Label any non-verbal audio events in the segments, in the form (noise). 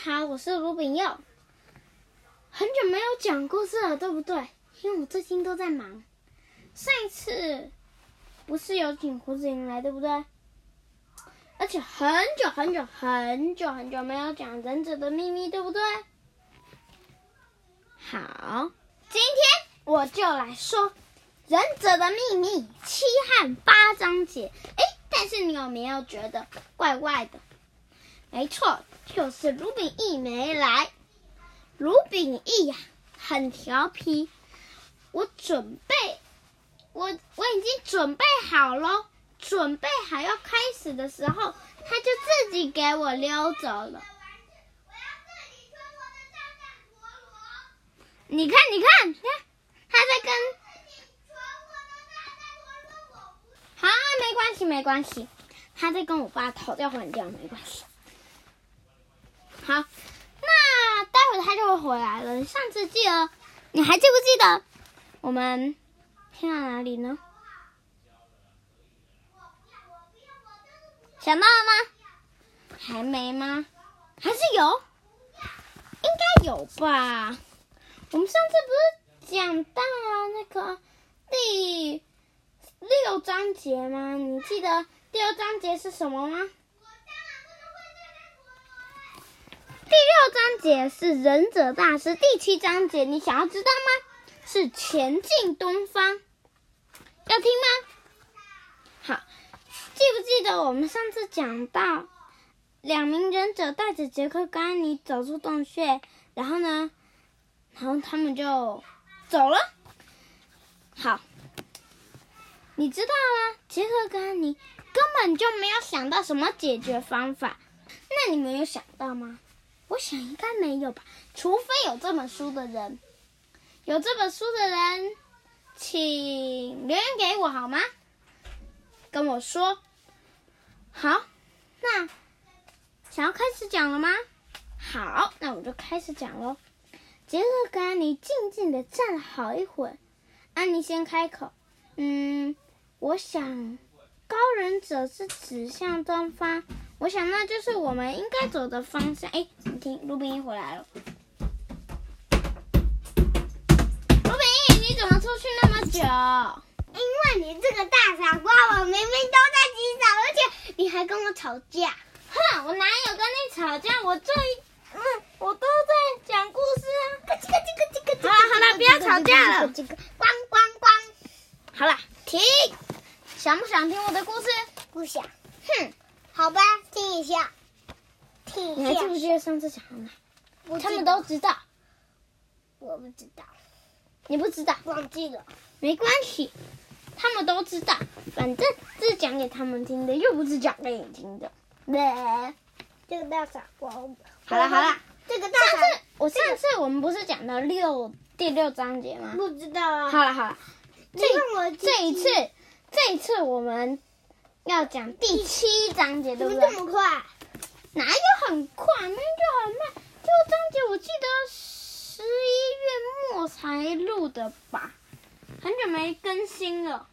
大家好，我是盧炳佑，很久沒有講故事了，對不對？因為我最近都在忙。上一次不是有請胡子雲來，對不對？而且很久很久很久很久沒有講《忍者的秘密》，對不對？好，今天我就來說《忍者的秘密》七和八章節。哎、欸，但是你有沒有覺得怪怪的？沒錯，就是盧秉義沒來。盧秉義呀，很調皮。我準備，我我已經準備好了，準備好要開始的時候，他就自己給我溜走了。你看，你看，看他在跟。好、啊，沒關係，沒關係，他在跟我爸討價還價，沒關係。好，那待會他就會回來了。你上次記得，你還記不記得我們聽到哪裡呢？想到了嗎？還沒嗎？還是有？應該有吧。我們上次不是講到了那個第六章節嗎？你記得第六章節是什麼嗎？第六章節是忍者大師，第七章節你想要知道嗎？是前進東方，要聽嗎？好，記不記得我們上次講到，兩名忍者帶着傑克跟安妮走出洞穴，然後呢，然後他們就走了。好，你知道嗎？傑克跟安妮根本就沒有想到什麼解決方法，那你沒有想到嗎？我想應該沒有吧，除非有這本書的人，有這本書的人，請留言給我好嗎？跟我說。好，那想要開始講了嗎？好，那我就開始講嘍。傑克跟安妮靜靜地站了好一會兒，安妮先開口：“嗯，我想，高人者是指向東方。”我想，那就是我們應該走的方向。哎，你聽，陸冰一回來了。陸冰一，你怎麼出去那麼久？因為你這個大傻瓜，我明明都在洗澡，而且你還跟我吵架。哼，我哪有跟你吵架？我最……嗯，我都在講故事啊！嘰嘰嘰嘰嘰嘰嘰。好了好了，不要吵架了。嘰嘰嘰好了，停。想不想聽我的故事？不想。哼，好吧。聽一下，聽一下，你還記不記得上次講的嗎？他們都知道，我不知道，你不知道，忘記了。沒關係，他們都知道，反正這是講給他們聽的，又不是講給你聽的。來，這個大傻瓜。好了好了，這個大傻瓜。上次我上次我們不是講到六第六章節嗎？不知道啊。好了好了，這這一次這一次我們。要講第七章節，的。怎麼這麼快啊？哪有很快？明明就很慢。這個章節我記得十一月末才錄的吧？很久沒更新了。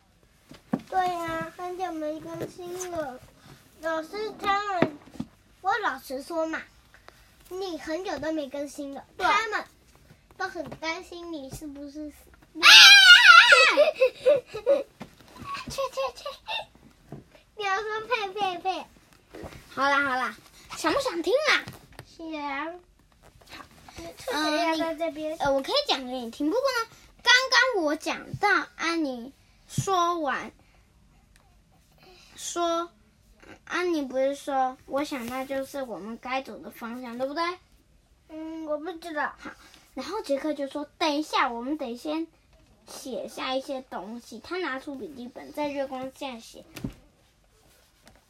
對呀、啊，很久沒更新了。老師他們，我老實說嘛，你很久都沒更新了，啊、他們都很擔心你是不是死？啊 (laughs) 去去去。你要說呸呸呸，好啦好啦，想不想聽啊？想、啊。好，是要、嗯想呃、我可以講給你聽。不過呢，剛剛我講到安妮說完，說安妮不是說我想那就是我們該走的方向，對不對？嗯，我不知道。好，然後傑克就說：“等一下，我們得先寫下一些東西。”他拿出筆記本，在月光下寫。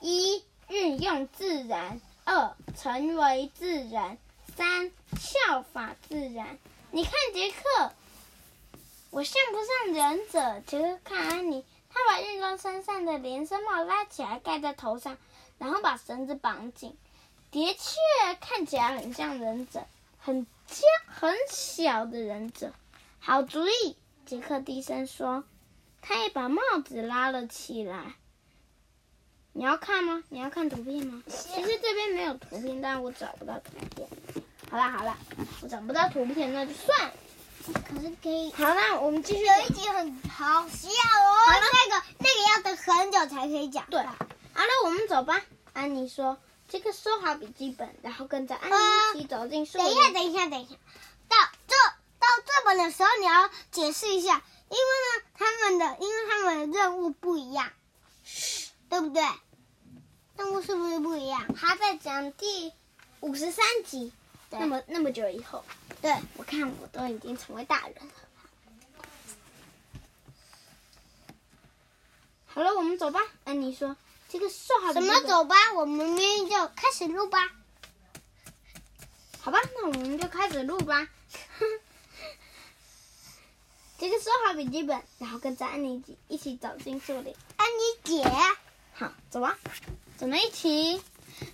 一，運用自然，二，成為自然，三，效法自然。你看傑克，我像不像忍者？傑克看安妮，他把運動衫上的連身帽拉起來蓋在頭上，然後把繩子綁緊。的確看起來很像忍者，很像很小的忍者。好主意，杰克低聲說，他也把帽子拉了起來。你要看嗎？你要看圖片嗎？啊、其實這邊沒有圖片，但我找不到圖片。好了好了，我找不到圖片，那就算了。可是可以。好，啦，我們繼續。有一集很好笑哦。嗎那個那個要等很久才可以講。對、啊。好，那我們走吧。安妮說：“這個收好筆記本，然後跟着安妮一起走進樹林。”等一下等一下等一下，到這到這本的時候你要解釋一下，因為呢他們的因為他們的任務不一樣，對不對？那我是不是不一樣？他在講第五十三集，那麼那麼久以後，對我看我都已經成為大人了。好了，我們走吧。安妮說：“這個說好。”怎麼？走吧，我們明天就開始錄吧。好吧，那我們就開始錄吧。 (laughs) 這個說好筆記本，然後跟着安妮姐一起走進樹林。安妮姐，好，走吧。咱們一起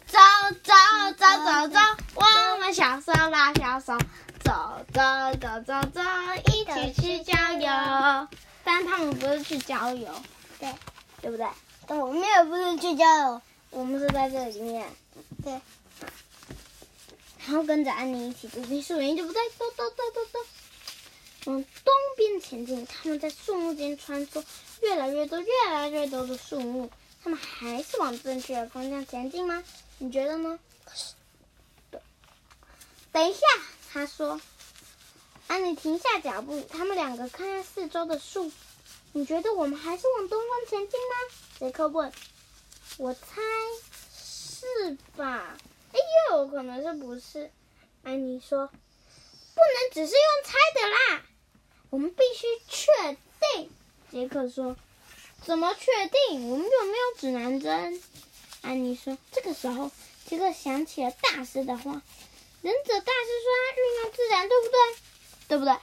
走走走走走，走，走，我們小手拉小手，走走走走走，一起去郊遊。但他們不是去郊遊，對，對不對？但我們也不是去郊遊，對我們是在這裡面。對。然後跟着安妮一起走進樹林，就不再走走走走走，往東邊前進。他們在樹木間穿梭，越來越多，越來越多的樹木。他們還是往正確的方向前進嗎？你覺得呢？等一下，他說。安妮停下腳步，他們兩個看看四周的樹。你覺得我們還是往東方前進嗎？傑克問。我猜是吧？哎呦，可能是不是？安妮說。不能只是用猜的啦，我們必須確定。傑克說。怎麼確定？我們有沒有指南針？安妮說：“這個時候，傑克想起了大師的話。忍者大師說，他運用自然，對不對？對不對？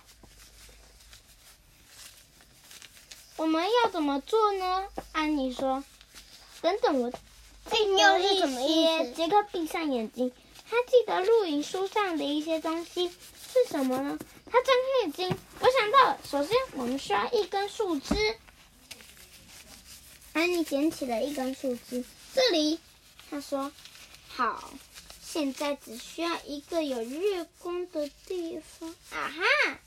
我們要怎麼做呢？”安妮說：“等等我，哎，你又是怎麼樣？”傑克閉上眼睛，他記得露營書上的一些東西是什麼呢？他睜開眼睛，我想到了。首先，我們需要一根樹枝。安妮撿起了一根樹枝。這裡，她說：“好，現在只需要一個有月光的地方。”啊哈！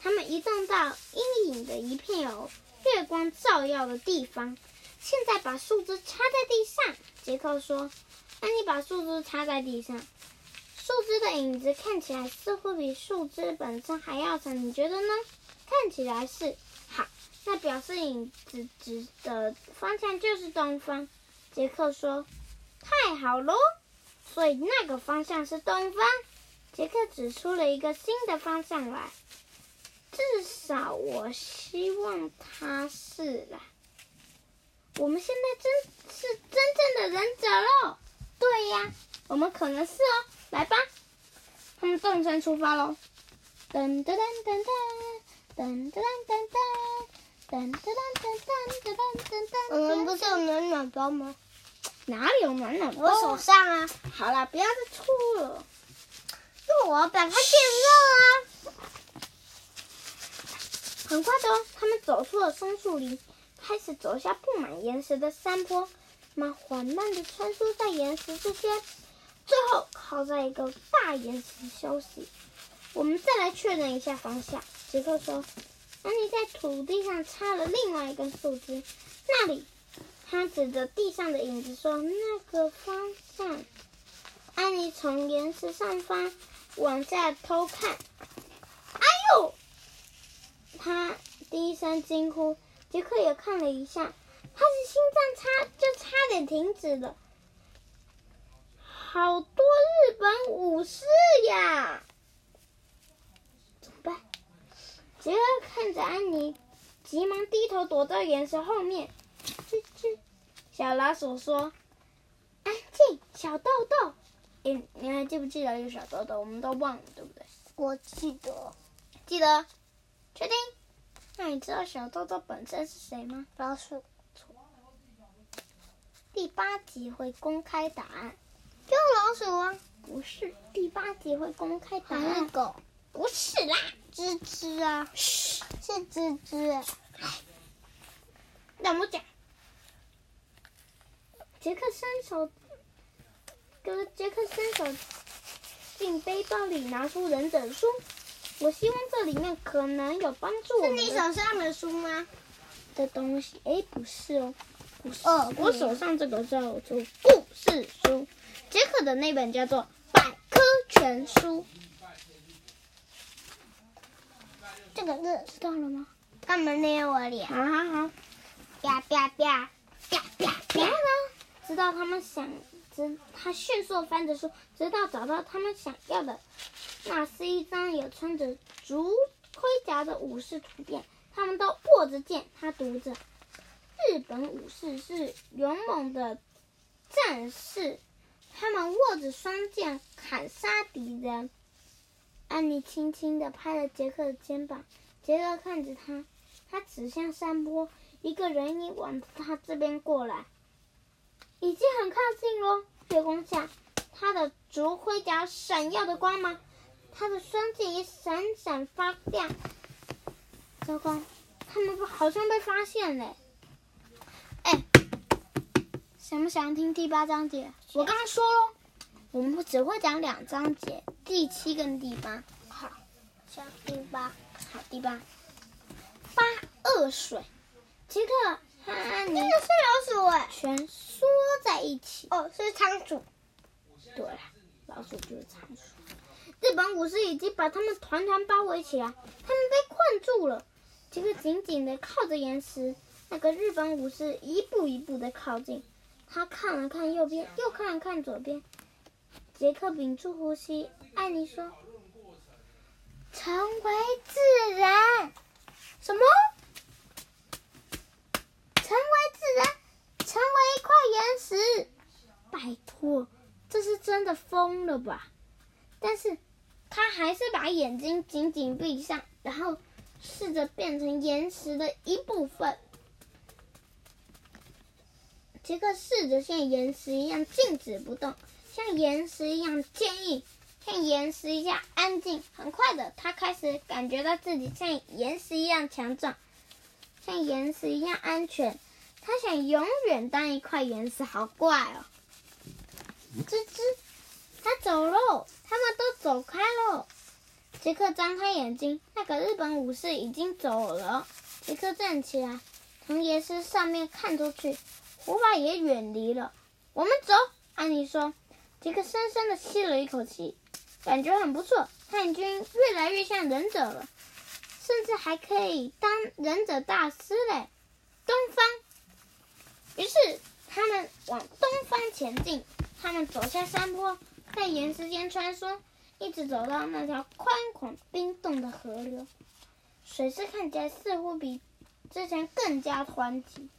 他們移動到陰影的一片有月光照耀的地方。現在把樹枝插在地上，傑克說。安妮把樹枝插在地上，樹枝的影子看起來似乎比樹枝本身還要長。你覺得呢？看起來是。那表示影子指，指的方向就是東方，傑克說：“太好嘍，所以那個方向是東方。”傑克指出了一個新的方向來，至少我希望他是啦。我們現在真是真正的忍者嘍！對呀、啊，我們可能是哦、喔。來吧，他們動身出發嘍！噔噔噔噔噔噔噔，噔，噔。我們、嗯、不是有暖暖包嗎？哪裡有暖暖包？我手上啊！好了，不要再錯了。那我要把它變熱啊！很快的，哦，他們走出了松樹林，開始走下布滿岩石的山坡，慢緩慢地穿梭在岩石之間，最後靠在一個大岩石休息。我們再來確認一下方向，傑克說。安妮在土地上插了另外一根樹枝，那裡，他指着地上的影子說：“那個方向。”安妮從岩石上方往下偷看，“哎呦！”他低聲驚呼。傑克也看了一下，他的心臟差就差點停止了。好多日本武士。看着安妮，急忙低頭躲在岩石後面。吱吱，小老鼠說：“安靜，小豆豆。”你你還記不記得有小豆豆？我們都忘了，對不對？我記得，記得，確定。那你知道小豆豆本身是誰嗎？老鼠。第八集會公開答案。就老鼠啊。不是，第八集會公開答案。狗。不是啦。吱吱啊，噓是吱吱。怎麼講，傑克伸手，哥，傑克伸手進背包裡拿出忍者書。我希望這裡面可能有幫助。是你手上的書嗎？的東西，哎、欸，不是哦，不是。哦，我手上這個叫做故事書，杰、嗯、克的那本叫做百科全書。這個字知道了嗎？幹嘛捏我臉？啊哈哈啪啪啪啪啪啪！呢？直到他們想直，他迅速翻着書，直到找到他們想要的。那是一張有穿着竹盔甲的武士圖片，他們都握着劍。他讀着：“日本武士是勇猛的戰士，他們握着雙劍砍殺敵人。”安妮輕輕地拍了傑克的肩膀，傑克看着他，他指向山坡，一個人影往他這邊過來，已經很靠近咯，月光下，他的竹盔甲閃耀的光芒，他的雙劍也閃閃發亮。糟糕，他們好像被發現嘞！哎，想不想聽第八章節？我剛剛說了，我們只會講兩章節。第七跟第八，好，小第八，好第八，八二水。傑克，哈，那個是老鼠哎，全縮在一起。哦，是倉鼠。對了，老鼠就是倉鼠。日本武士已經把他們團團包圍起來，他們被困住了。傑克緊緊地靠着岩石，那個日本武士一步一步地靠近。他看了看右邊，又看了看左邊。傑克屏住呼吸。艾莉說：“成為自然，什麼？成為自然，成為一塊岩石？拜託，這是真的瘋了吧？但是，他還是把眼睛緊緊閉上，然後試着變成岩石的一部分。傑克試着像岩石一樣靜止不動，像岩石一樣堅硬。”像岩石一樣安靜，很快的，他開始感覺到自己像岩石一樣強壯，像岩石一樣安全。他想永遠當一塊岩石，好怪哦！吱吱，他走嘍，他們都走開嘍。傑克張開眼睛，那個日本武士已經走了。傑克站起來，從岩石上面看出去，胡巴也遠離了。我們走，安妮說。傑克深深地吸了一口氣。感覺很不錯，漢軍越來越像忍者了，甚至還可以當忍者大師嘞！東方。於是他們往東方前進，他們走下山坡，在岩石間穿梭，一直走到那條寬廣冰凍的河流。水勢看起來似乎比之前更加湍急。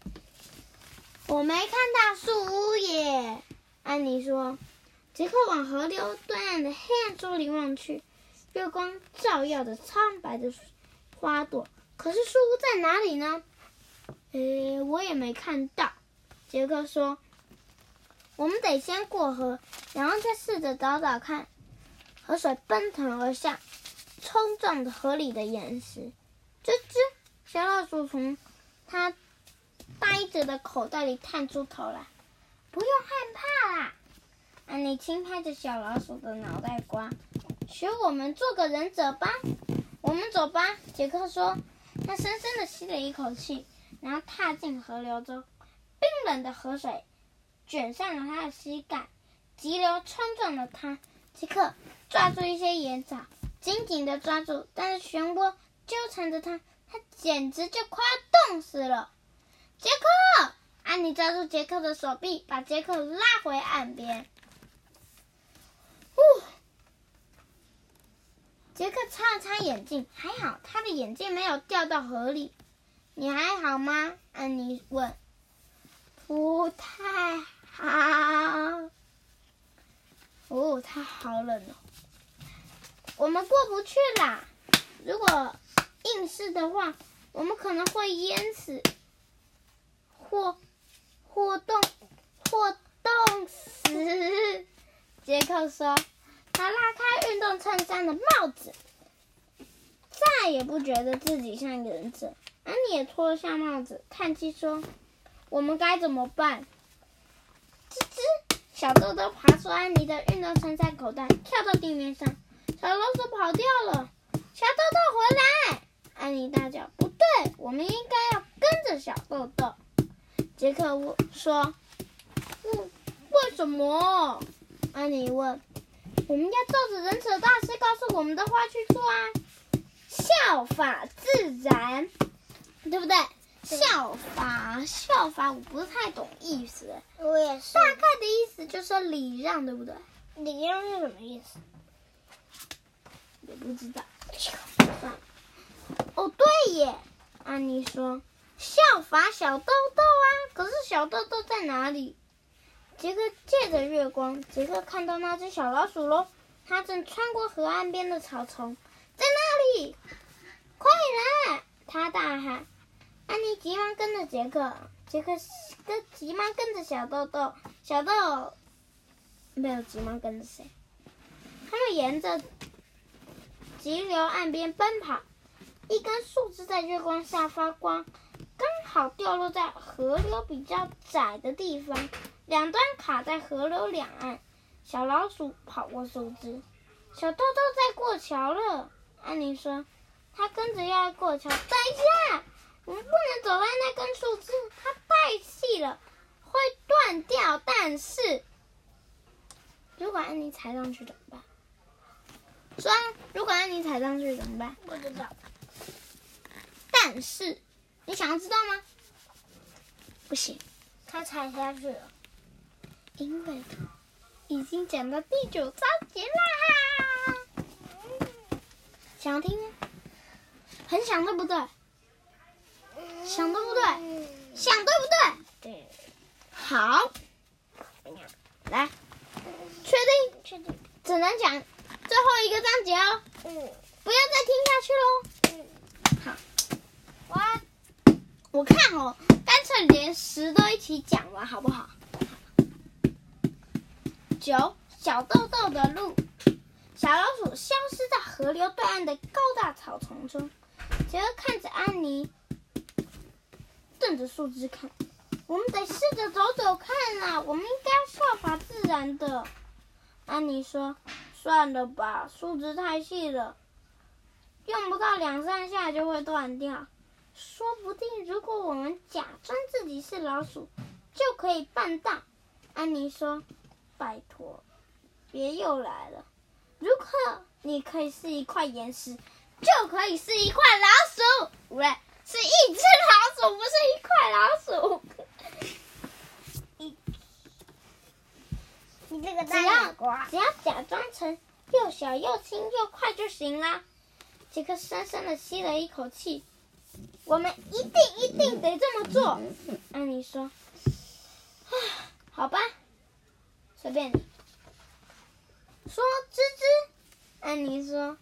我沒看到樹屋耶，安妮說。杰克往河流對岸的黑暗樹林望去，月光照耀着蒼白的花朵。可是樹屋在哪裡呢？哎、欸，我也沒看到。杰克說：“我們得先過河，然後再試着找找看。”河水奔騰而下，衝撞着河裡的岩石。吱吱，小老鼠從它呆着的口袋裡探出頭來。“不用害怕啦！”安妮輕拍着小老鼠的腦袋瓜，學我們做個忍者吧。我們走吧，杰克說。他深深地吸了一口氣，然後踏進河流中。冰冷的河水捲上了他的膝蓋，急流沖撞了他。杰克抓住一些野草，緊緊地抓住，但是漩渦糾纏着他，他簡直就快要凍死了。杰克，安妮抓住杰克的手臂，把杰克拉回岸邊。哦，傑克擦了擦眼鏡，還好他的眼鏡沒有掉到河裡。你還好嗎？安妮問。不太好。哦，他好冷哦。我們過不去啦！如果硬是的話，我們可能會淹死，或或凍或凍死。傑克說：“他拉開運動襯衫的帽子，再也不覺得自己像忍者。”安妮也脫了下帽子，嘆氣說：“我們該怎麼辦？”吱吱，小豆豆爬出安妮的運動襯衫口袋，跳到地面上。小老鼠跑掉了。小豆豆回來，安妮大叫：“不對，我們應該要跟着小豆豆。”傑克問：“說，為為什麼？”安妮問：“我們要照着忍者大師告訴我們的話去做啊，效法自然，對不對？”“對效法，效法，我不太懂意思。”“我也是。”“大概的意思就是說禮讓，對不對？”“禮讓是什麼意思？”“也不知道。”“哦，對耶。”安妮說：“效法小豆豆啊，可是小豆豆在哪裡？”傑克借着月光，傑克看到那隻小老鼠咯，它正穿過河岸邊的草叢，在那裡，快來！他大喊。安妮急忙跟着傑克，傑克跟急忙跟着小豆豆，小豆沒有急忙跟着誰。他們沿着急流岸邊奔跑，一根樹枝在月光下發光。剛好掉落在河流比較窄的地方，兩端卡在河流兩岸。小老鼠跑過樹枝，小豆豆在過橋了。安妮說：“他跟着要過橋。”等一下，我們不能走在那根樹枝，它太細了，會斷掉。但是，如果安妮踩上去怎麼辦？說，如果安妮踩上去怎麼辦？不知道。但是。你想知道嗎？不行，他踩下去了，因為已經講到第九章節啦。想聽？很想對不對？想對不對？想對不對？對。好，來，確定？確定。只能講最後一個章節哦。不要再聽下去嘍。好。哇。我看哦，乾脆連十都一起講完好不好？九，小豆豆的路，小老鼠消失在河流對岸的高大草叢中。傑克看着安妮，瞪着樹枝看。我們得試着走走看啊，我們應該效法自然的。安妮說：“算了吧，樹枝太細了，用不到兩三下就會斷掉。”說不定，如果我們假裝自己是老鼠，就可以辦到。安妮說：“拜託，別又來了！如果你可以是一塊岩石，就可以是一塊老鼠。喂，是一隻老鼠，不是一塊老鼠。你這個大傻瓜！只要假裝成又小又輕又快就行啦。傑克深深的吸了一口氣。我們一定一定得這麼做，安妮說。唉，好吧，隨便你。說吱吱，安妮說。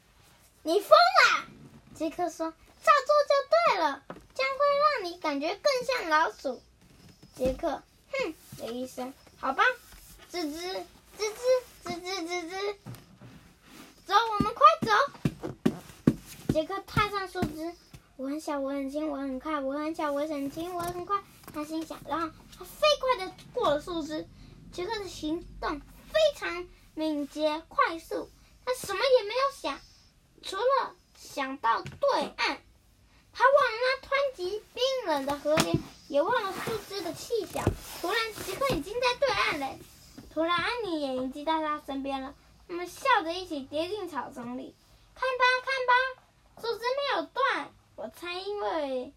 你瘋了，傑克說。照做就對了，將會讓你感覺更像老鼠。傑克哼了一聲，好吧，吱吱吱吱吱吱，吱吱吱，走，我們快走。傑克踏上樹枝。我很小，我很輕，我很快；我很小，我很輕，我很快。他心想，然後他飛快地過了樹枝。傑克的行動非常敏捷、快速，他什麼也沒有想，除了想到對岸。他忘了那湍急、冰冷的河流，也忘了樹枝的細小。突然，傑克已經在對岸了。突然，安妮也迎接到他身邊了。他們笑着一起跌進草叢裡。看吧，看吧，樹枝沒有斷。我猜，因為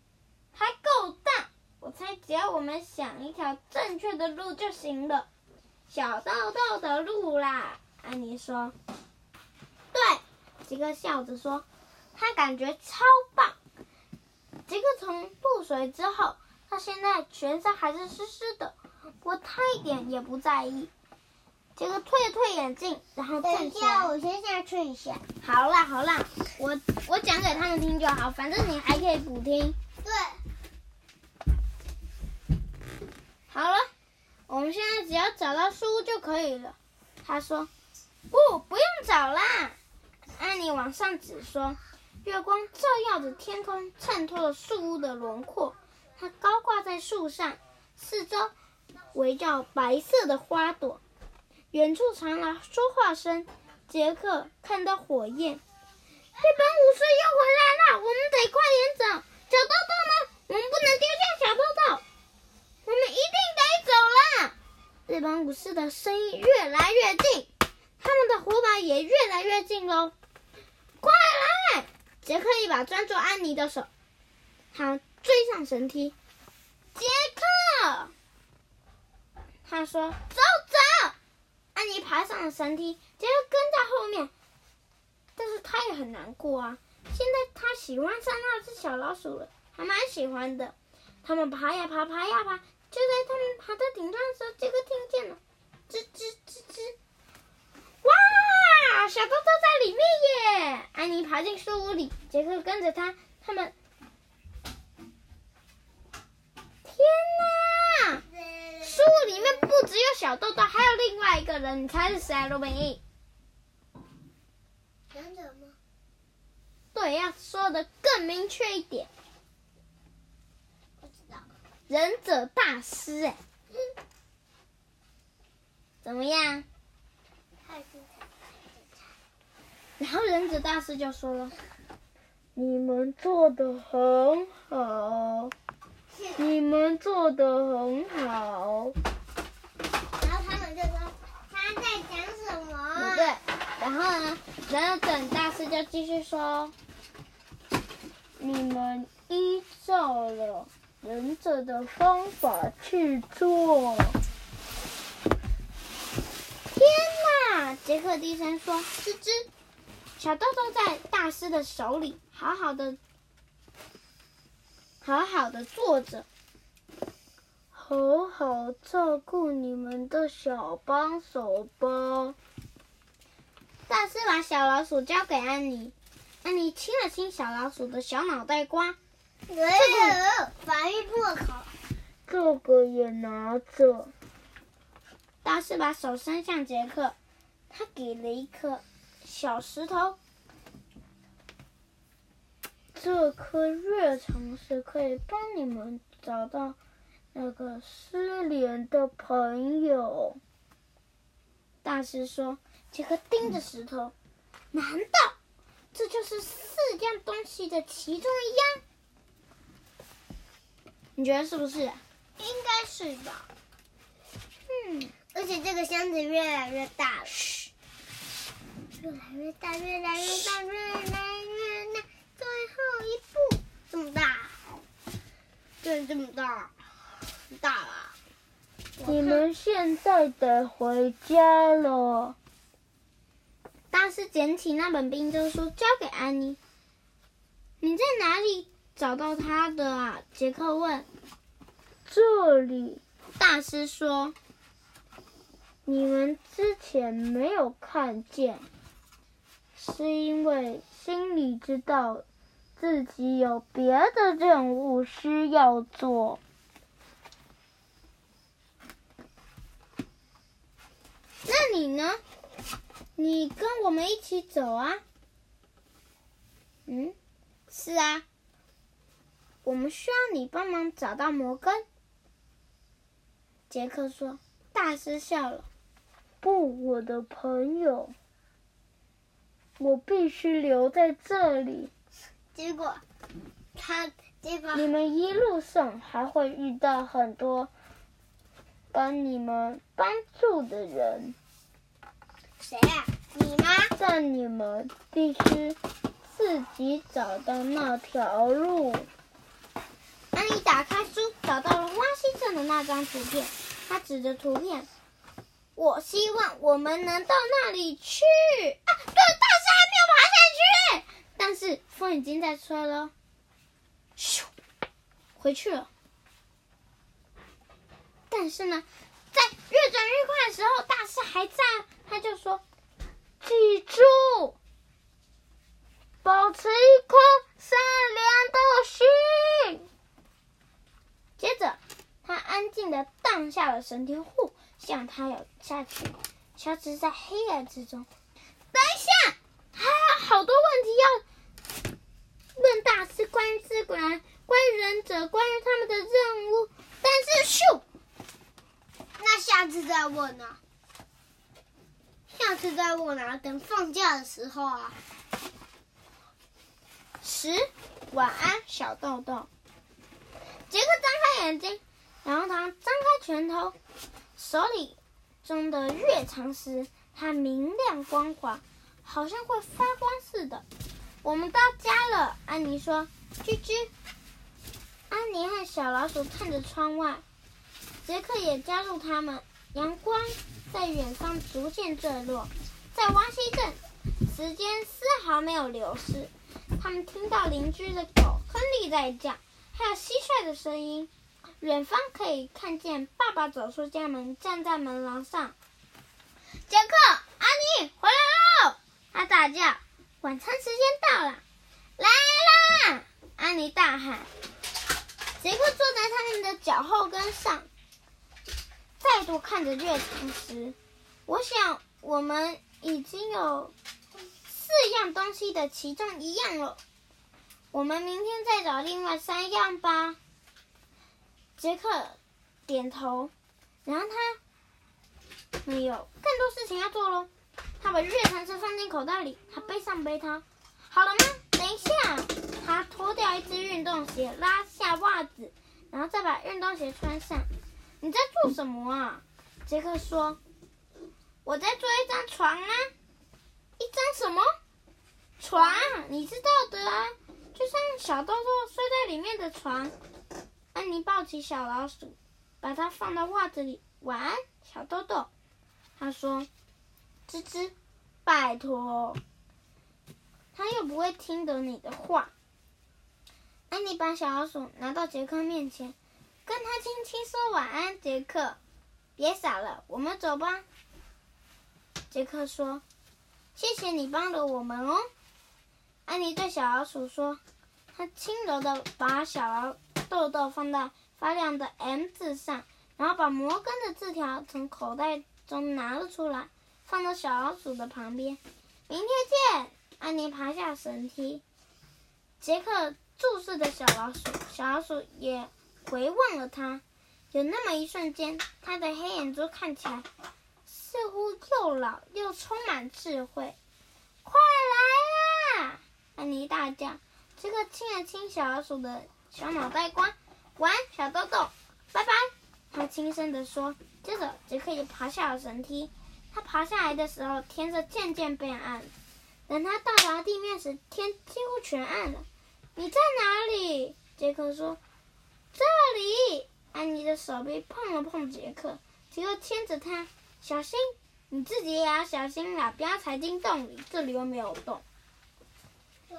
它夠大。我猜，只要我們想一條正確的路就行了。小豆豆的路啦，安妮說。對，傑克笑着說，他感覺超棒。傑克從露水之後，他現在全身還是濕濕的，不過他一點也不在意。傑克推了推眼鏡，然後站起來。等一下，我先下去一下。好啦，好啦。我我講給他們聽就好，反正你還可以補聽。對，好了，我們現在只要找到樹屋就可以了。她說：“不，不用找啦。”安妮往上指說：“月光照耀着天空，襯托了樹屋的輪廓。它高掛在樹上，四周圍繞白色的花朵。遠處傳來說話聲。傑克看到火焰。”日本武士又回來了，我們得快點走。小豆豆呢？我們不能丟下小豆豆，我們一定得走了。日本武士的聲音越來越近，他們的火把也越來越近嘍！快來！傑克一把抓住安妮的手，他追上神梯。傑克，他說：“走走。”安妮爬上了神梯，傑克跟在後面。他也很難過啊！現在他喜歡上那隻小老鼠了，還蠻喜歡的。他們爬呀爬，爬呀爬，就在他們爬到頂上的時候，傑克聽見了，吱吱吱吱！哇，小豆豆在裡面耶！安妮爬進樹屋裡，傑克跟着他，他們，天哪！樹裡面不只有小豆豆，還有另外一個人，你猜是誰啊？羅賓。忍者。對，要說的更明確一點。忍者大師哎，怎麼樣？然後忍者大師就說了：“你們做的很好，你們做的很好。”然後呢？然後等大師就繼續說：“你們依照了忍者的方法去做。”天哪！傑克低聲說：“吱吱。”小豆豆在大師的手裡好好的，好好的坐着，好好照顧你們的小幫手吧。大師把小老鼠交給安妮，安妮親了親小老鼠的小腦袋瓜。這個、哎哎、這個也拿着。拿着。大師把手伸向傑克，他給了一顆小石頭。這顆月長石，可以幫你們找到那個失聯的朋友。大師說。傑克盯着石頭，難道這就是四樣東西的其中一樣？你覺得是不是？應該是吧。嗯，而且這個箱子越來越大了。越來越大，越來越大，越來越大。越來越大，越來越大，最後一步，這麼大，就是這麼大，這麼大，很大了。你們現在得回家了。大師撿起那本冰爭書，交給安妮。“你在哪裡找到他的啊？”傑克問。“這裡。”大師說。“你們之前沒有看見，是因為心裡知道自己有別的任務需要做。”那你呢？你跟我們一起走啊？嗯，是啊。我們需要你幫忙找到摩根。傑克說。大師笑了。不，我的朋友，我必須留在這裡。結果，他結果你們一路上還會遇到很多跟你們幫助的人。誰啊？你媽，但你們必須自己找到那條路。安妮打開書，找到了汪先生的那張圖片。他指着圖片：“我希望我們能到那裡去。”啊，對了，大師還沒有爬上去，但是風已經在吹了。咻，回去了。但是呢，在越轉越快的時候，大師還在，他就說。記住，保持一顆善良的心。接着，他安靜地當下了神天戶，向他咬下去。消失在黑暗之中。等一下，還有好多問題要問大師，關於忍，關於忍者，關於他們的任務。但是，咻！那下次再問呢？下次再我拿，等放假的時候啊。十，晚安，小豆豆。傑克張開眼睛，然後他張開拳頭，手裡中的月長石，它明亮光滑，好像會發光似的。我們到家了，安妮說。吱吱。安妮和小老鼠看着窗外，傑克也加入他們。陽光在遠方逐漸墜落，在蛙溪鎮，時間絲毫沒有流逝。他們聽到鄰居的狗亨利在叫，還有蟋蟀的聲音。遠方可以看見爸爸走出家門，站在門廊上。杰克，安妮，回來嘍！他大叫。晚餐時間到了。來啦！安妮大喊。傑克坐在他們的腳後跟上。再度看着月長石，我想我們已經有四樣東西的其中一樣了。我們明天再找另外三樣吧。傑克點頭，然後他沒有更多事情要做咯。他把月長石放進口袋裡，他背上背它。好了嗎？等一下，他脫掉一隻運動鞋，拉下襪子，然後再把運動鞋穿上。你在做什麼啊？傑克說：“我在做一張床啊，一張什麼？床，你知道的啊，就像小豆豆睡在裡面的床。”安妮抱起小老鼠，把它放到襪子裡，“晚安，小豆豆。”他說：“吱吱，拜託，他又不會聽得你的話。”安妮把小老鼠拿到傑克面前。跟他輕輕說晚安，傑克，別傻了，我們走吧。傑克說：“謝謝你幫了我們哦。”安妮對小老鼠說：“他輕柔地把小老鼠豆豆放在發亮的 M 字上，然後把摩根的字條從口袋中拿了出來，放到小老鼠的旁邊。明天見。”安妮爬下繩梯，傑克注視着小老鼠，小老鼠也回望了他，有那麼一瞬間，他的黑眼珠看起來似乎又老又充滿智慧。快來啦！安妮大叫。傑克親了親小老鼠的小腦袋瓜，玩小豆豆，拜拜。他輕聲地說。接着，傑克也爬下了繩梯。他爬下來的時候，天色漸漸變暗。等他到達地面時，天幾乎全暗了。你在哪裡？傑克說。這裡，安妮的手臂碰了碰杰克，杰克牽着她，小心，你自己也要小心啊，不要踩進洞裡，這裡又沒有洞。哦，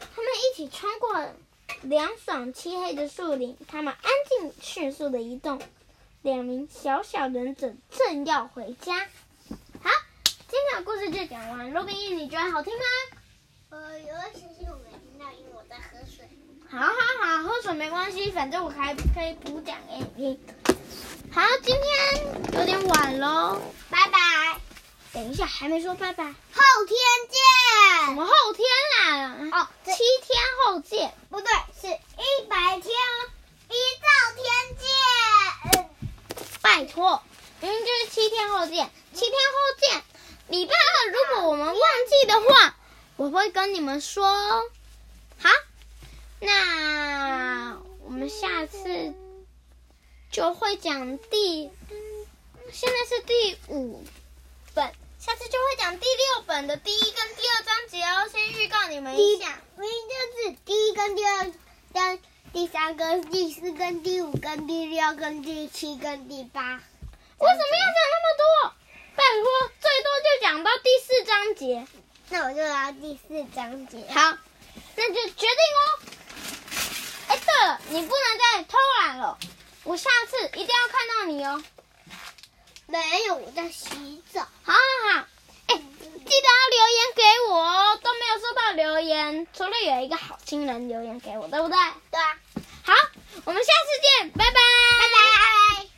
他們一起穿過涼爽漆黑的樹林，他們安靜迅速的移動，兩名小小忍者正要回家。好，今天的故事就講完，羅賓，你覺得好聽嗎？呃，有些聲音我沒聽到，因為我在喝水。好好好，喝水沒關係，反正我還可以補講給你聽。好，今天有點晚嘍，拜拜。等一下，還沒說拜拜，後天見。我們後天啦、啊？哦，七天後見。不對，是一百天，哦。一兆天見。拜托，明、嗯、天就是七天後見，七天後見。禮拜二，如果我們忘記的話，我會跟你們說、哦。好。那我們下次就會講第，現在是第五本，下次就會講第六本的第一跟第二章節哦。先預告你們一下，第一就是第一跟第二，第三跟第四跟第五跟第六跟第七跟第八。為什麼要講那麼多？拜托，最多就講到第四章節。那我就來第四章節。好，那就決定哦。哎，對了，你不能再偷懶了，我下次一定要看到你哦。沒有，我在洗澡。好好、啊、好。哎，嗯、記得要留言給我哦，都沒有收到留言，除了有一個好心人留言給我，對不對？對啊。好，我們下次見，拜拜。拜拜。拜拜。